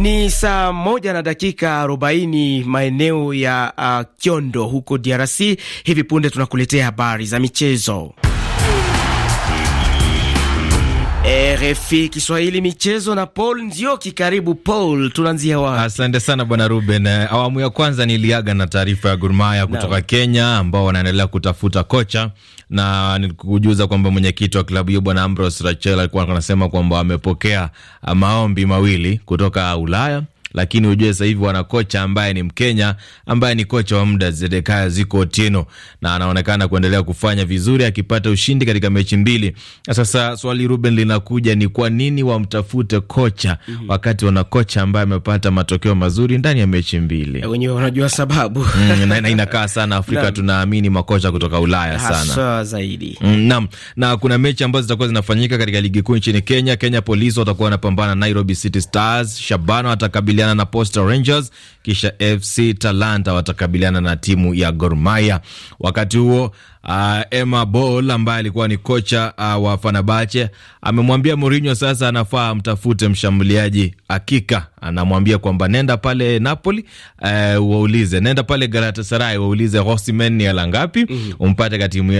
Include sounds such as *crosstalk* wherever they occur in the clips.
Ni saa moja na dakika arobaini maeneo ya uh, Kyondo huko DRC. Hivi punde tunakuletea habari za michezo. RFI Kiswahili michezo na Paul Nzioki. Karibu Paul, tunaanzia wapi? Asante sana bwana Ruben. Eh, awamu ya kwanza niliaga na taarifa ya gurmaya kutoka no. Kenya ambao wanaendelea kutafuta kocha na nikujuza kwamba mwenyekiti wa klabu hiyo bwana Ambrose Rachel alikuwa anasema kwamba amepokea ah, maombi mawili kutoka Ulaya lakini ujue sasa hivi wana kocha ambaye ni Mkenya ambaye ni kocha wa muda Zedekaya Ziko Otieno, na anaonekana kuendelea kufanya vizuri akipata ushindi katika mechi mbili. Na sasa swali Ruben linakuja ni kwa nini wamtafute kocha mm -hmm. wakati wana kocha ambaye amepata matokeo mazuri ndani ya mechi mbili? Eh, wenyewe wanajua sababu mm, na, na inakaa sana Afrika tunaamini makocha kutoka Ulaya sana zaidi mm, nam na kuna mechi ambazo zitakuwa zinafanyika katika ligi kuu nchini Kenya. Kenya Police watakuwa wanapambana Nairobi City Stars. Shabana watakabili watakabiliana na Posta Rangers, kisha FC Talanta watakabiliana na timu ya Gor Mahia. Wakati huo Uh, Emma Bol ambaye alikuwa ni kocha uh, wa Fenerbahce amemwambia Mourinho sasa anafaa amtafute mshambuliaji akika Anamwambia kwamba nenda pale Napoli, uh, waulize, nenda pale Galatasaray waulize Osimhen ni ala ngapi, mm -hmm. umpate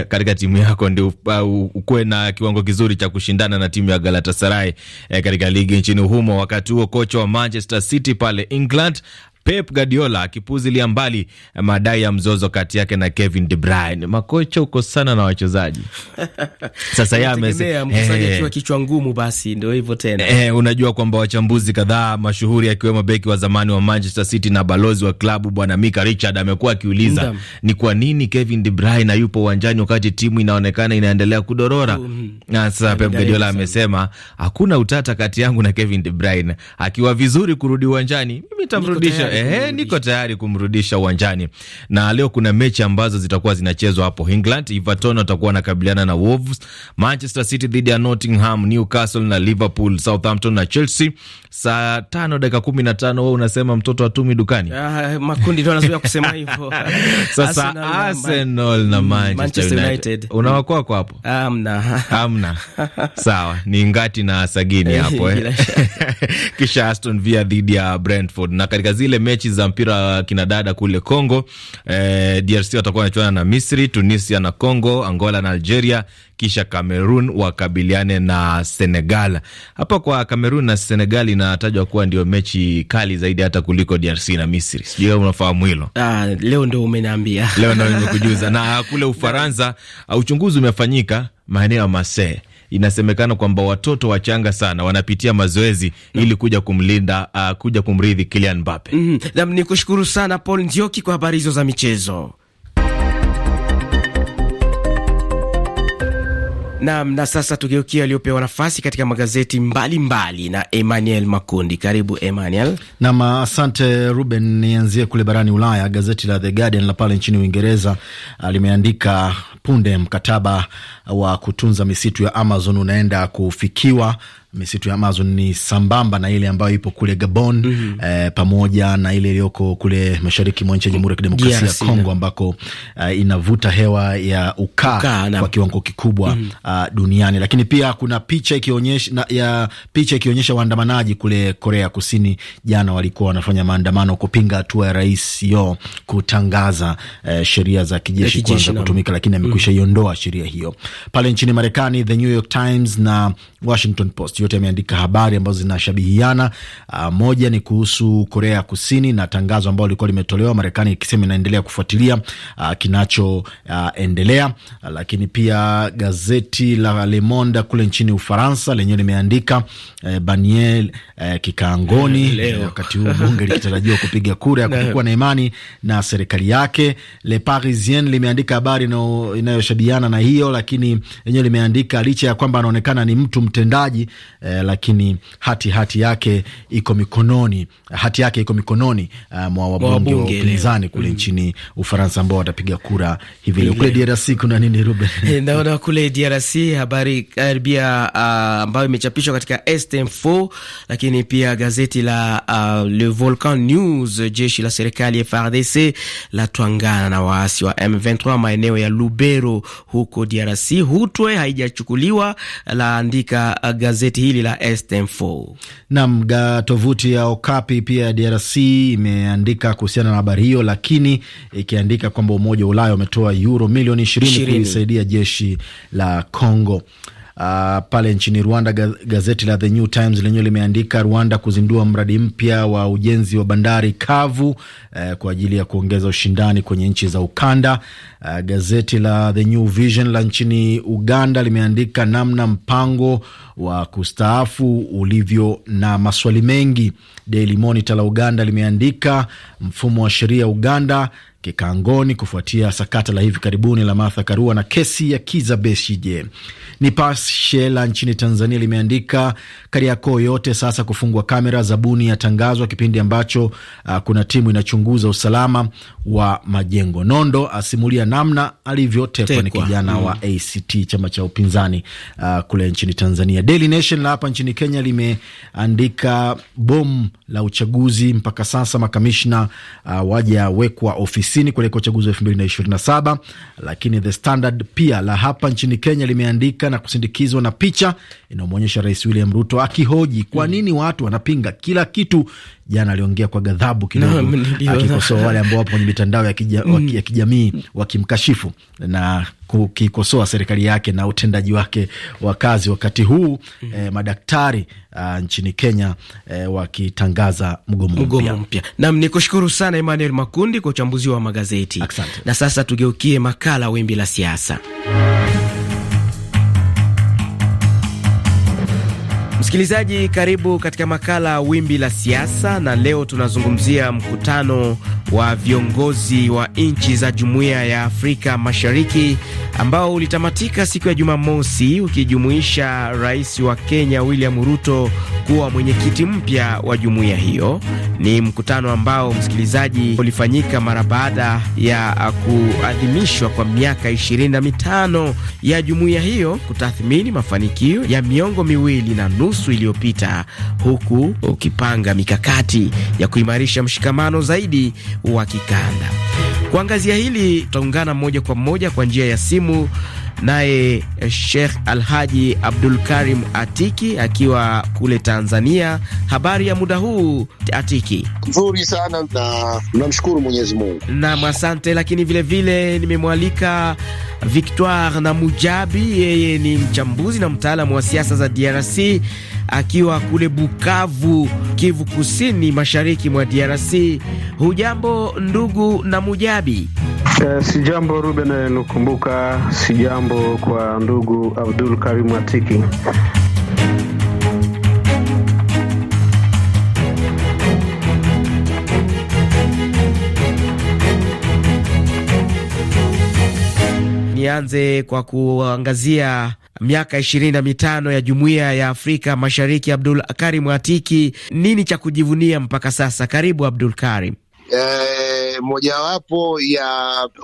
katika timu yako ndio uh, ukuwe na kiwango kizuri cha kushindana na timu ya Galatasaray eh, katika ligi nchini humo. Wakati huo kocha wa Manchester City pale England Pep Guardiola akipuzilia mbali madai ya mzozo kati yake na Kevin De Bruyne. Makocha uko sana na wachezaji *laughs* sasa yeye amesema eh. kichwa ngumu, basi ndio hivyo tena. Eh, unajua kwamba wachambuzi kadhaa mashuhuri akiwemo beki wa zamani wa Manchester City na balozi wa klabu bwana Mika Richard amekuwa akiuliza ni kwa nini Kevin De Bruyne hayupo uwanjani wakati timu inaonekana inaendelea kudorora. Mm. Na sasa Pep Guardiola amesema hakuna utata kati yangu na Kevin De Bruyne, akiwa vizuri kurudi uwanjani mimi tamrudisha Eh, eh, niko tayari kumrudisha uwanjani. Na leo kuna mechi ambazo zitakuwa zinachezwa hapo England. Everton watakuwa wanakabiliana na Wolves, Manchester City dhidi ya Nottingham, Newcastle na Liverpool, Southampton na Chelsea. Saa tano dakika kumi na tano wewe unasema mtoto atumi dukani. Uh, makundi ndio anazoea kusema hivyo *laughs* sasa Arsenal, na Manchester, Manchester United, unawakoa kwa hapo amna *laughs* amna *laughs* sawa, ni ngati na sagini hapo eh. Kisha Aston Villa dhidi ya Brentford na katika zile mechi za mpira wa kinadada kule Congo. E, eh, DRC watakuwa wanachuana na Misri, Tunisia na Congo, Angola na Algeria, kisha Cameroon wakabiliane na Senegal. Hapa kwa Cameroon na Senegal inatajwa kuwa ndio mechi kali zaidi hata kuliko DRC na Misri. Sijui unafahamu hilo. Ah, leo ndo umeniambia. Leo ndo nimekujuza. *laughs* Na kule Ufaransa uchunguzi umefanyika maeneo ya Marseille inasemekana kwamba watoto wachanga sana wanapitia mazoezi mm. ili kuja kumlinda uh, kuja kumrithi Kylian Mbappe. mm -hmm. Nam ni kushukuru sana Paul Ndioki kwa habari hizo za michezo. Nam, na sasa tugeukia aliyopewa nafasi katika magazeti mbalimbali mbali na Emmanuel Makundi. Karibu Emmanuel. Nam, asante Ruben. Nianzie kule barani Ulaya, gazeti la The Guardian la pale nchini Uingereza ah, limeandika punde mkataba wa kutunza misitu ya Amazon unaenda kufikiwa misitu ya Amazon ni sambamba na ile ambayo ipo kule Gabon mm -hmm. eh, pamoja na ile iliyoko kule mashariki mwa nchi ya Jamhuri ya Kidemokrasia ya Kongo ambako eh, inavuta hewa ya ukaa uka, kwa kiwango kikubwa mm -hmm. uh, duniani. Lakini pia kuna picha ikionyesha ya picha ikionyesha waandamanaji kule Korea Kusini jana walikuwa wanafanya maandamano kupinga hatua ya Rais Yo kutangaza eh, sheria za kijeshi kuanza kutumika, lakini amekwisha mm -hmm. iondoa sheria hiyo. Pale nchini Marekani, The New York Times na Washington Post magazeti yote yameandika habari ambazo zinashabihiana. Uh, moja ni kuhusu Korea ya Kusini na tangazo ambalo lilikuwa limetolewa, Marekani ikisema inaendelea kufuatilia uh, kinachoendelea uh, uh, lakini pia gazeti la Le Monde kule nchini Ufaransa lenyewe limeandika uh, eh, Baniel uh, eh, kikaangoni uh, eh, wakati huu bunge likitarajiwa kupiga kura ya *laughs* kutokuwa na imani na serikali yake. Le Parisien limeandika habari inayoshabihiana na hiyo, lakini lenyewe limeandika licha ya kwamba anaonekana ni mtu mtendaji eh, lakini hati hati yake iko mikononi, hati yake iko mikononi uh, mwa wabunge wa upinzani kule mm, nchini Ufaransa ambao watapiga kura hivi leo. Kule DRC kuna nini Ruben? *laughs* Eh, Naona kule DRC habari karibia eh, ah, ambayo imechapishwa katika STM4 lakini pia gazeti la uh, Le Volcan News, jeshi la serikali FARDC la latwangana na waasi wa M23 maeneo ya Lubero huko DRC. Hutwe haijachukuliwa laandika uh, gazeti gazeti hili la stm 4 Naam, tovuti ya Okapi pia ya DRC imeandika kuhusiana na habari hiyo, lakini ikiandika kwamba Umoja wa Ulaya umetoa euro milioni 20 kuisaidia jeshi la Congo. Uh, pale nchini Rwanda gazeti la The New Times lenyewe limeandika Rwanda kuzindua mradi mpya wa ujenzi wa bandari kavu uh, kwa ajili ya kuongeza ushindani kwenye nchi za ukanda. Uh, gazeti la The New Vision la nchini Uganda limeandika namna mpango wa kustaafu ulivyo na maswali mengi. Daily Monitor la Uganda limeandika mfumo wa sheria Uganda kikangoni kufuatia sakata la hivi karibuni la Martha Karua na kesi ya Kiza Besije. Nipashe la nchini Tanzania limeandika Kariakoo yote sasa kufungwa kamera, zabuni yatangazwa kipindi ambacho uh, kuna timu inachunguza usalama wa majengo. Nondo asimulia namna alivyotekwa ni kijana mm, wa ACT chama cha upinzani uh, kule nchini Tanzania. Daily Nation la hapa nchini Kenya limeandika bomu la uchaguzi, mpaka sasa makamishna uh, ah, wajawekwa ofisi tisini kuelekea uchaguzi wa elfu mbili na ishirini na saba. Lakini The Standard pia la hapa nchini Kenya limeandika na kusindikizwa na picha inayomwonyesha Rais William Ruto akihoji kwa hmm. nini watu wanapinga kila kitu jana aliongea kwa ghadhabu kidogo, akikosoa wale ambao wapo kwenye mitandao ya, kija, mm. ya kijamii wakimkashifu na kukikosoa serikali yake na utendaji wake wa kazi wakati huu mm. eh, madaktari uh, nchini Kenya eh, wakitangaza mgomo mpya. Nam ni kushukuru sana Emmanuel Makundi kwa uchambuzi wa magazeti Aksante. Na sasa tugeukie makala wimbi la siasa Msikilizaji, karibu katika makala Wimbi la Siasa, na leo tunazungumzia mkutano wa viongozi wa nchi za Jumuiya ya Afrika Mashariki ambao ulitamatika siku ya Jumamosi ukijumuisha Rais wa Kenya William Ruto kuwa mwenyekiti mpya wa jumuiya hiyo. Ni mkutano ambao, msikilizaji, ulifanyika mara baada ya kuadhimishwa kwa miaka 25 na mitano ya jumuiya hiyo kutathmini mafanikio ya miongo miwili na nusu iliyopita, huku ukipanga mikakati ya kuimarisha mshikamano zaidi wa kikanda. Kuangazia hili tutaungana moja kwa moja kwa njia ya simu naye eh, Sheikh Alhaji Abdul Karim Atiki akiwa kule Tanzania. Habari ya muda huu Atiki? Nzuri sana na namshukuru Mwenyezi Mungu. Naam, asante. Lakini vilevile nimemwalika Victoire na Mujabi, yeye ni mchambuzi na mtaalamu wa siasa za DRC akiwa kule Bukavu, Kivu Kusini, mashariki mwa DRC. Hujambo ndugu na mujabi? Eh, si sijambo Ruben Lukumbuka, sijambo kwa ndugu Abdul Karimu Atiki. Nianze kwa kuangazia miaka ishirini na mitano ya Jumuiya ya Afrika Mashariki. Abdul Karim Atiki, nini cha kujivunia mpaka sasa? Karibu Abdul Karim. E, mojawapo ya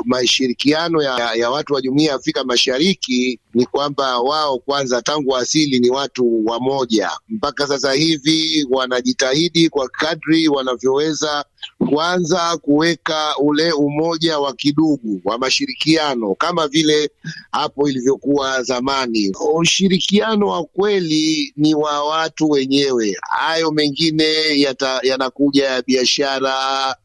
mashirikiano ya, ya watu wa Jumuiya ya Afrika Mashariki ni kwamba wao kwanza tangu asili ni watu wamoja, mpaka sasa hivi wanajitahidi kwa kadri wanavyoweza kuanza kuweka ule umoja wa kidugu wa mashirikiano kama vile hapo ilivyokuwa zamani. Ushirikiano wa kweli ni wa watu wenyewe. Hayo mengine yanakuja ya biashara,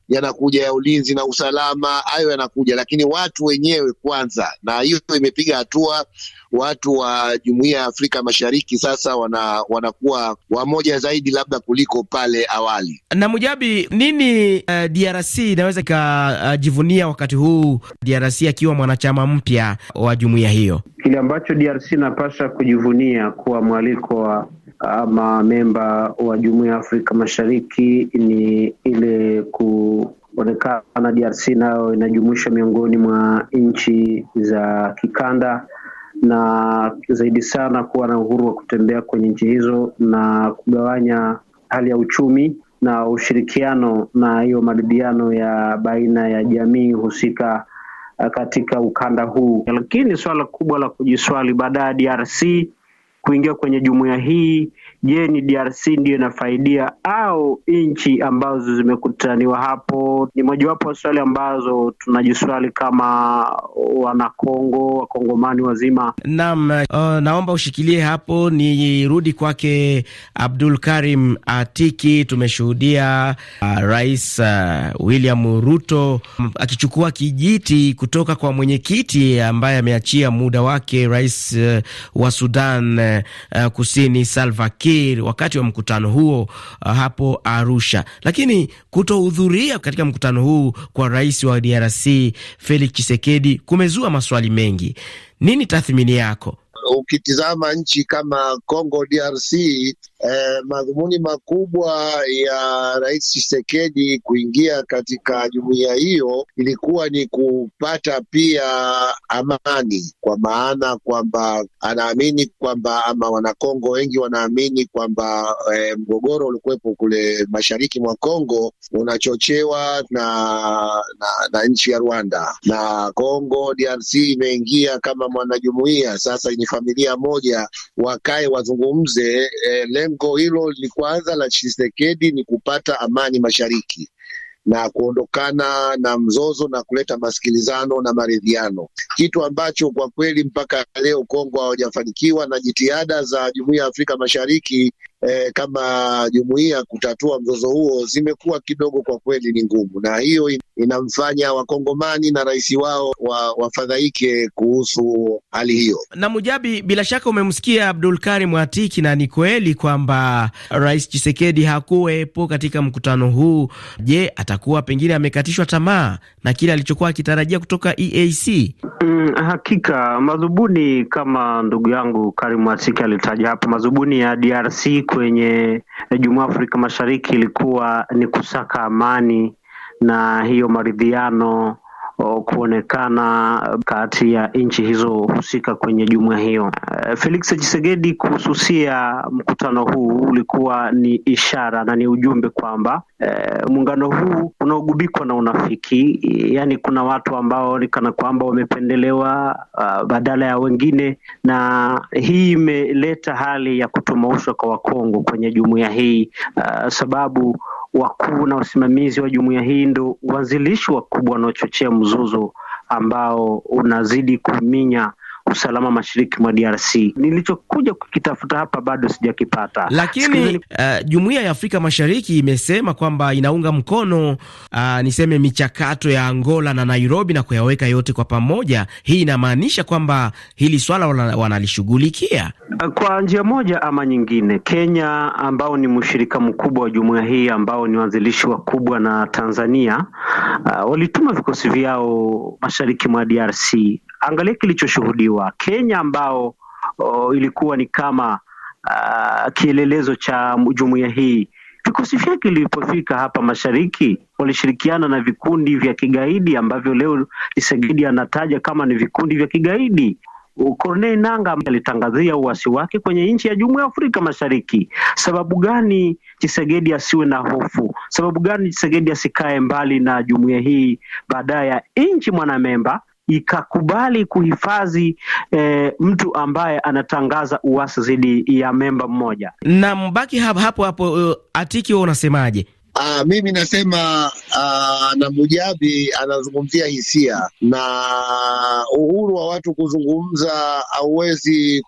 yanakuja ya ulinzi na usalama, hayo yanakuja, lakini watu wenyewe kwanza, na hiyo imepiga hatua watu wa jumuiya ya Afrika Mashariki sasa wana, wanakuwa wamoja zaidi labda kuliko pale awali. Na Mujabi, nini uh, eh, DRC inaweza ikajivunia uh, wakati huu DRC akiwa mwanachama mpya wa jumuiya hiyo? Kile ambacho DRC inapasha kujivunia kuwa mwaliko wa ama memba wa jumuiya ya Afrika Mashariki ni ile kuonekana DRC nayo inajumuisha miongoni mwa nchi za kikanda na zaidi sana kuwa na uhuru wa kutembea kwenye nchi hizo na kugawanya hali ya uchumi na ushirikiano na hiyo maridhiano ya baina ya jamii husika uh, katika ukanda huu. Lakini swala kubwa la kujiswali baada ya DRC kuingia kwenye jumuiya hii Je, ni DRC ndiyo inafaidia au nchi ambazo zimekutaniwa hapo? Ni mojawapo wa swali ambazo tunajiswali kama Wanakongo, wakongomani wazima. Naam, uh, naomba ushikilie hapo, nirudi kwake Abdul Karim Atiki. Tumeshuhudia uh, Rais uh, William Ruto um, akichukua kijiti kutoka kwa mwenyekiti ambaye ameachia muda wake, rais uh, wa Sudan uh, uh Kusini Salva Kiir Kir wakati wa mkutano huo uh, hapo Arusha. Lakini kutohudhuria katika mkutano huu kwa rais wa DRC Felix Tshisekedi kumezua maswali mengi. Nini tathmini yako? Ukitizama nchi kama Congo DRC eh, madhumuni makubwa ya Rais chisekedi kuingia katika jumuiya hiyo ilikuwa ni kupata pia amani, kwa maana kwamba anaamini kwamba ama Wanakongo wengi wanaamini kwamba eh, mgogoro uliokuwepo kule mashariki mwa Kongo unachochewa na, na, na nchi ya Rwanda na Kongo DRC imeingia kama mwanajumuiya, sasa ni familia moja, wakae wazungumze eh, lengo hilo ni kwanza la chisekedi ni kupata amani mashariki na kuondokana na mzozo na kuleta masikilizano na maridhiano, kitu ambacho kwa kweli mpaka leo Kongo hawajafanikiwa, na jitihada za Jumuiya ya Afrika Mashariki eh, kama jumuiya kutatua mzozo huo zimekuwa kidogo, kwa kweli ni ngumu, na hiyo inamfanya wakongomani na rais wao wa, wafadhaike kuhusu hali hiyo. Na Mujabi, bila shaka umemsikia Abdul Karim Atiki, na ni kweli kwamba Rais Chisekedi hakuwepo katika mkutano huu. Je, atakuwa pengine amekatishwa tamaa na kile alichokuwa akitarajia kutoka EAC? Mm, hakika madhubuni kama ndugu yangu Karim Atiki alitaja hapo, madhubuni ya DRC kwenye Jumuiya Afrika Mashariki ilikuwa ni kusaka amani na hiyo maridhiano kuonekana kati ya nchi hizo husika kwenye jumuiya hiyo. Felix Tshisekedi kuhususia mkutano huu ulikuwa ni ishara na ni ujumbe kwamba e, muungano huu unaogubikwa na unafiki, yaani kuna watu ambao ni kana kwamba wamependelewa uh, badala ya wengine, na hii imeleta hali ya kutumaushwa kwa Wakongo kwenye jumuiya hii uh, sababu wakuu na wasimamizi wa jumuiya hii ndo wanzilishi wakubwa wanaochochea mzozo ambao unazidi kuminya usalama mashariki mwa DRC. Nilichokuja kukitafuta hapa bado sijakipata. Lakini uh, jumuiya ya Afrika Mashariki imesema kwamba inaunga mkono uh, niseme michakato ya Angola na Nairobi na kuyaweka yote kwa pamoja. Hii inamaanisha kwamba hili swala wanalishughulikia kwa njia moja ama nyingine. Kenya ambao ni mshirika mkubwa wa jumuiya hii ambao ni waanzilishi wakubwa na Tanzania uh, walituma vikosi vyao mashariki mwa DRC Angalia kilichoshuhudiwa Kenya, ambao oh, ilikuwa ni kama uh, kielelezo cha jumuiya hii. Vikosi vyake vilipofika hapa mashariki, walishirikiana na vikundi vya kigaidi ambavyo leo Tshisekedi anataja kama ni vikundi vya kigaidi. Kornei Nanga alitangazia uasi wake kwenye nchi ya Jumuiya ya Afrika Mashariki. Sababu gani Chisegedi asiwe na hofu? Sababu gani Chisegedi asikae mbali na jumuiya hii baadaye ya nchi mwanamemba ikakubali kuhifadhi e, mtu ambaye anatangaza uasi dhidi ya memba mmoja. Na mbaki hapo hapo, eh, Atiki, wewe unasemaje? Uh, mimi nasema uh, na Mujabi anazungumzia hisia na uhuru wa watu kuzungumza hauwezi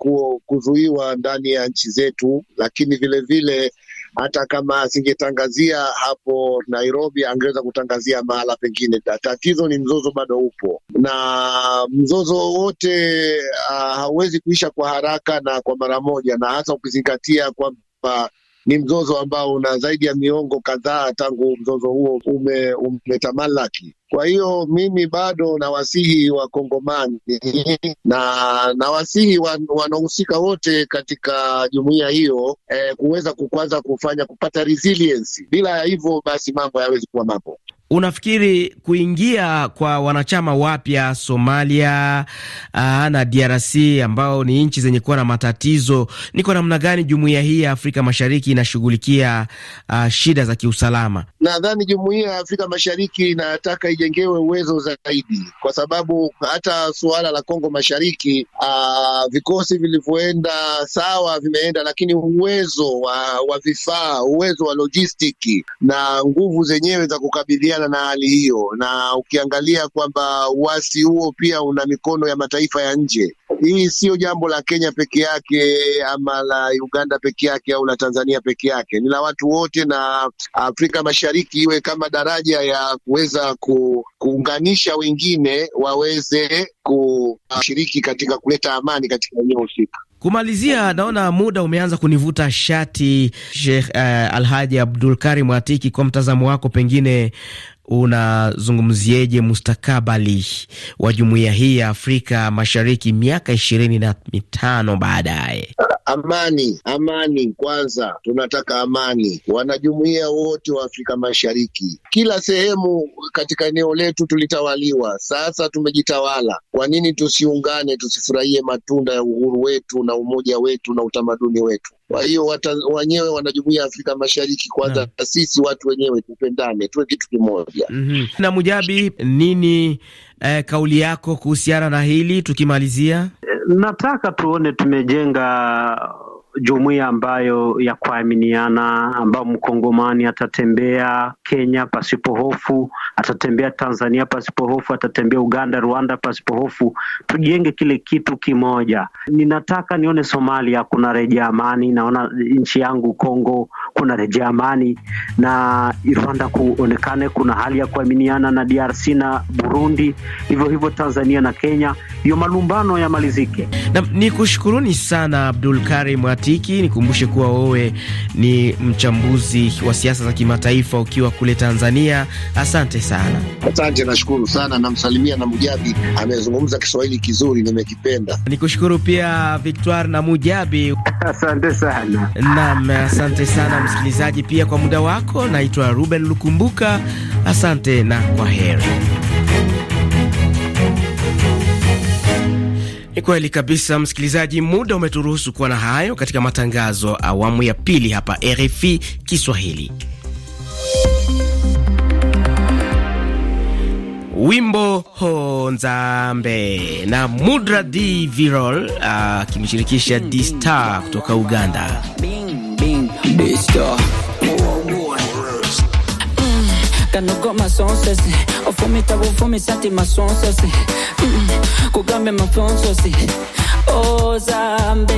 kuzuiwa ndani ya nchi zetu, lakini vilevile hata kama asingetangazia hapo Nairobi, angeweza kutangazia mahala pengine. Tatizo ni mzozo bado upo, na mzozo wote ah, hauwezi uh, kuisha kwa haraka na kwa mara moja, na hasa ukizingatia kwamba ni mzozo ambao una zaidi ya miongo kadhaa tangu mzozo huo ume, umetamalaki. Kwa hiyo mimi bado nawasihi Wakongomani *laughs* na nawasihi wan, wanahusika wote katika jumuiya hiyo eh, kuweza kukwanza kufanya kupata resilience. Bila ya hivyo basi mambo hayawezi kuwa mambo. Unafikiri kuingia kwa wanachama wapya Somalia aa, ah, na DRC ambao ni nchi zenye kuwa na matatizo, ni kwa namna gani jumuiya hii ya Afrika Mashariki inashughulikia ah, shida za kiusalama? Nadhani jumuiya ya Afrika Mashariki inataka ijengewe uwezo zaidi, kwa sababu hata suala la Kongo Mashariki aa, ah, vikosi vilivyoenda sawa vimeenda, lakini uwezo wa, wa vifaa, uwezo wa lojistiki na nguvu zenyewe za kukabiliana kupambana na hali hiyo, na ukiangalia kwamba uasi huo pia una mikono ya mataifa ya nje. Hii siyo jambo la Kenya peke yake ama la Uganda peke yake au la Tanzania peke yake, ni la watu wote, na Afrika Mashariki iwe kama daraja ya kuweza ku, kuunganisha wengine waweze kushiriki katika kuleta amani katika eneo husika. Kumalizia, naona muda umeanza kunivuta shati, Sheikh uh, Alhaji Abdul Karim Atiki, kwa mtazamo wako, pengine unazungumzieje mustakabali wa jumuiya hii ya Afrika Mashariki miaka ishirini na mitano baadaye? amani, amani kwanza, tunataka amani. Wanajumuia wote wa Afrika Mashariki, kila sehemu katika eneo letu tulitawaliwa, sasa tumejitawala. Kwa nini tusiungane, tusifurahie matunda ya uhuru wetu na umoja wetu na utamaduni wetu? Kwa hiyo wenyewe wanajumuia Afrika Mashariki kwanza, hmm. na sisi watu wenyewe tupendane, tuwe kitu kimoja. mm -hmm. Na Mujabi, nini eh, kauli yako kuhusiana na hili tukimalizia? Eh, nataka tuone tumejenga jumuiya ambayo ya kuaminiana, ambao mkongomani atatembea Kenya pasipo hofu, atatembea Tanzania pasipo hofu, atatembea Uganda, Rwanda pasipo hofu. Tujenge kile kitu kimoja. Ninataka nione Somalia kuna rejea amani, naona nchi yangu Kongo kuna rejea amani, na Rwanda kuonekane kuna hali ya kuaminiana na DRC na Burundi, hivyo hivyo Tanzania na Kenya hiyo malumbano yamalizike. Na ni kushukuruni sana Abdul Karim Atiki. Nikumbushe kuwa wewe ni mchambuzi wa siasa za kimataifa ukiwa kule Tanzania. Asante sana. Asante, nashukuru sana. Namsalimia na Mujabi, amezungumza Kiswahili kizuri, nimekipenda. Nikushukuru pia Victoire na Mujabi. Asante sana. Naam, asante sana msikilizaji pia kwa muda wako. Naitwa Ruben Lukumbuka. Asante na kwa heri. Ni kweli kabisa, msikilizaji, muda umeturuhusu kuwa na hayo katika matangazo awamu ya pili hapa RFI Kiswahili. Wimbo ho nzambe na Mudra D Virol akimshirikisha uh, D Star kutoka Uganda. Bing, bing, my song sassy. Oh, for me, tabo, for me, sati, my song sassy. Kugambe, my phone sassy. ozambe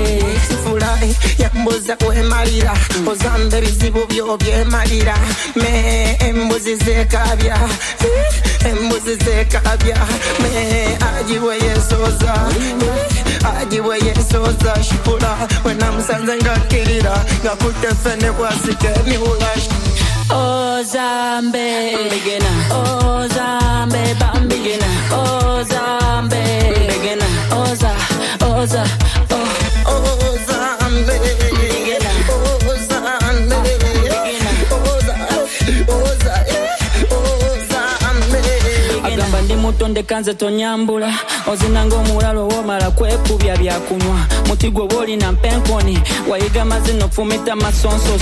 sifulae yambuza kwemalira ozambe bizibu byo byemalira me embuzi zekabya eh, embuzi zekabya me ajiwe yesoza ajiwe yesoza shipula wenamusanze ngakkirira ngakutte fene kwasike miwula Oh Zombie, I'm beginner. Oh Zombie, I'm beginner. Oh Zombie, I'm beginner. Oh oh oh, oh Zombie. mutondeka nze tonyambula ozinanga omulalo womala kwekubya byakunywa muti gwe woolina mpenkoni wayiga mazino fumita masonsos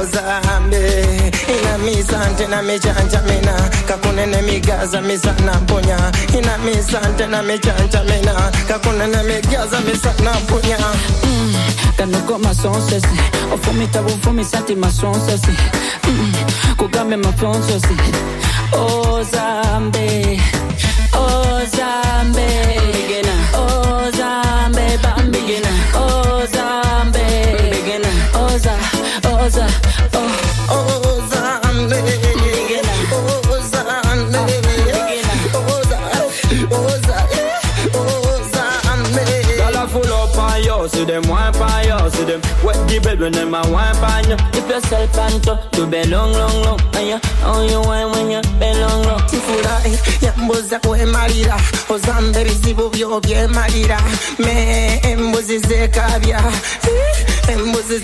ozambe inamisa ntena michanja mina kakunene migaza misana mponya inamisa ntena michanja mina kakunene migaza misana mponya mm, kanoko masonso sexy Ofumi tabu fumi santi ma son sexy Kugambe ma plon sexy Ozambe Ozambe children them a want on you. Dip yourself and to you belong, long, long. And you, oh, you want when you belong, long. Si fura, eh, Tifurahi, nyamboza kwe oh, eh, marira. Ozambe bizibu vyo vye eh, marira. Me ze embuzi eh, zekabya.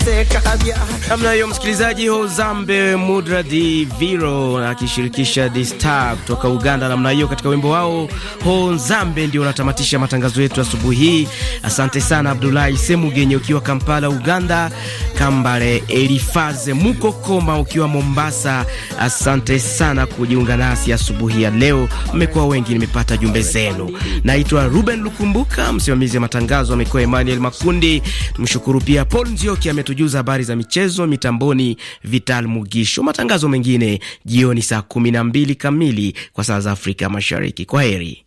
ze kabia. Namna yo msikilizaji, zambe mudra di Viro akishirikisha The Star kutoka Uganda, namna yo katika wimbo wao Ho zambe ndio unatamatisha matangazo yetu asubuhi hii. Asante sana Abdullahi Semugenye ukiwa Kampala, Uganda. Kambale Elifaze Mukokoma, ukiwa Mombasa, asante sana kujiunga nasi asubuhi ya leo. Mmekuwa wengi, nimepata jumbe zenu. Naitwa Ruben Lukumbuka, msimamizi wa matangazo amekuwa Emmanuel Makundi. mshukuru pia Paul Nzioki, ametujuza habari za michezo, mitamboni Vital Mugisho. Matangazo mengine jioni saa 12 kamili kwa saa za Afrika Mashariki. Kwa heri.